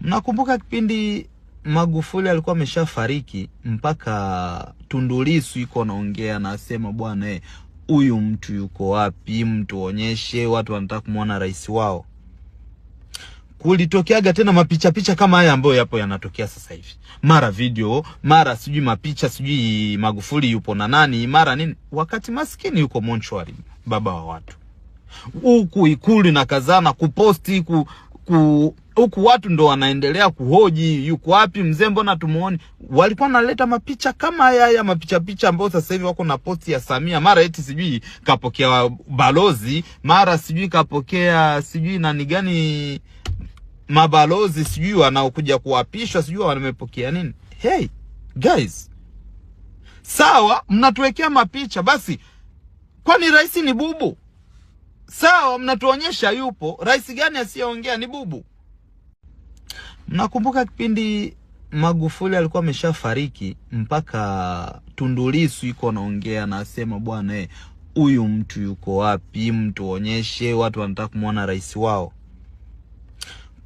Nakumbuka kipindi Magufuli alikuwa ameshafariki mpaka Tundulisu Lissu yuko anaongea anasema, bwana eh, huyu mtu yuko wapi? Mtu onyeshe, watu wanataka kumwona rais wao. Kulitokeaga tena mapicha picha kama haya ambayo yapo yanatokea sasa hivi, mara video, mara sijui mapicha, sijui Magufuli yupo na nani, mara nini, wakati maskini yuko monchwari, baba wa watu, huku Ikulu na kazana kuposti ku, ku huku watu ndo wanaendelea kuhoji yuko wapi mzee, mbona tumuone. Walikuwa naleta mapicha kama haya haya mapicha picha ambayo sasa hivi wako na posti ya Samia, mara eti sijui kapokea balozi, mara sijui kapokea sijui nani gani mabalozi, sijui wanaokuja kuapishwa, sijui wamepokea nini. Hey guys, sawa, mnatuwekea mapicha basi, kwani rais ni bubu? Sawa, mnatuonyesha yupo. Rais gani asiyeongea ni bubu? Nakumbuka kipindi Magufuli alikuwa ameshafariki mpaka Tundulisu yuko anaongea na asema, bwana eh, huyu mtu yuko wapi? Mtu onyeshe, watu wanataka kumwona rais wao.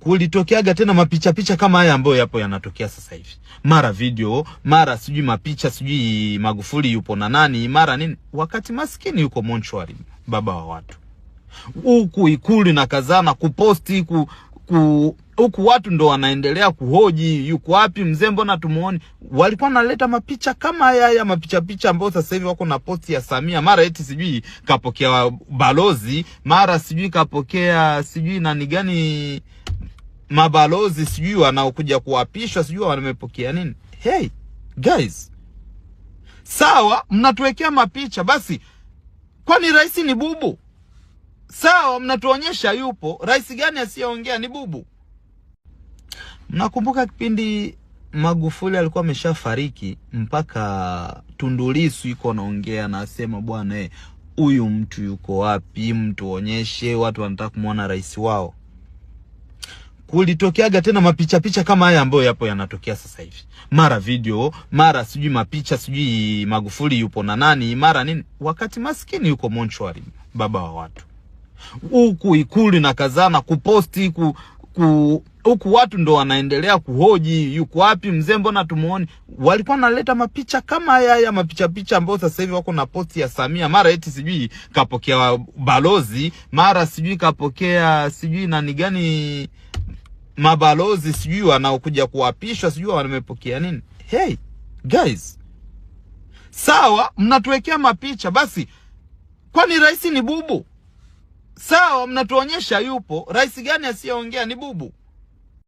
Kulitokeaga tena mapicha picha kama haya ambayo yapo yanatokea sasa hivi, mara video, mara sijui mapicha, sijui Magufuli yupo na nani, mara nini, wakati maskini yuko monchwari, baba wa watu, huku Ikulu na kazana kuposti ku huku huku watu ndo wanaendelea kuhoji yuko wapi mzee, mbona tumuone. Walikuwa naleta mapicha kama haya haya mapicha picha ambayo sasa hivi wako na posti ya Samia, mara eti sijui kapokea balozi, mara sijui kapokea sijui nani gani mabalozi, sijui wanaokuja kuapishwa, sijui wamepokea nini. Hey guys, sawa, mnatuwekea mapicha basi, kwani rais ni bubu? sawa, mnatuonyesha yupo. Rais gani asiyeongea? Ni bubu. Mnakumbuka kipindi Magufuli alikuwa ameshafariki mpaka Tundulisu Lissu yuko anaongea na asema, bwana eh, huyu mtu yuko wapi? Mtuonyeshe, watu wanataka kumwona rais wao. Kulitokeaga tena mapicha picha kama haya ambayo yapo yanatokea sasa hivi, mara video, mara sijui mapicha, sijui Magufuli yupo na nani, mara nini, wakati maskini yuko monchwari, baba wa watu huku Ikulu na kazana kuposti ku, ku huku watu ndo wanaendelea kuhoji yuko wapi mzee, mbona tumuone? Walikuwa naleta mapicha kama haya ya mapicha picha ambayo sasa hivi wako na posti ya Samia, mara eti sijui kapokea balozi, mara sijui kapokea sijui nani gani mabalozi, sijui wanaokuja kuapishwa, sijui wamepokea nini. Hey guys, sawa, mnatuwekea mapicha basi, kwani rais ni bubu? Sawa, mnatuonyesha yupo rais gani asiyeongea ni bubu.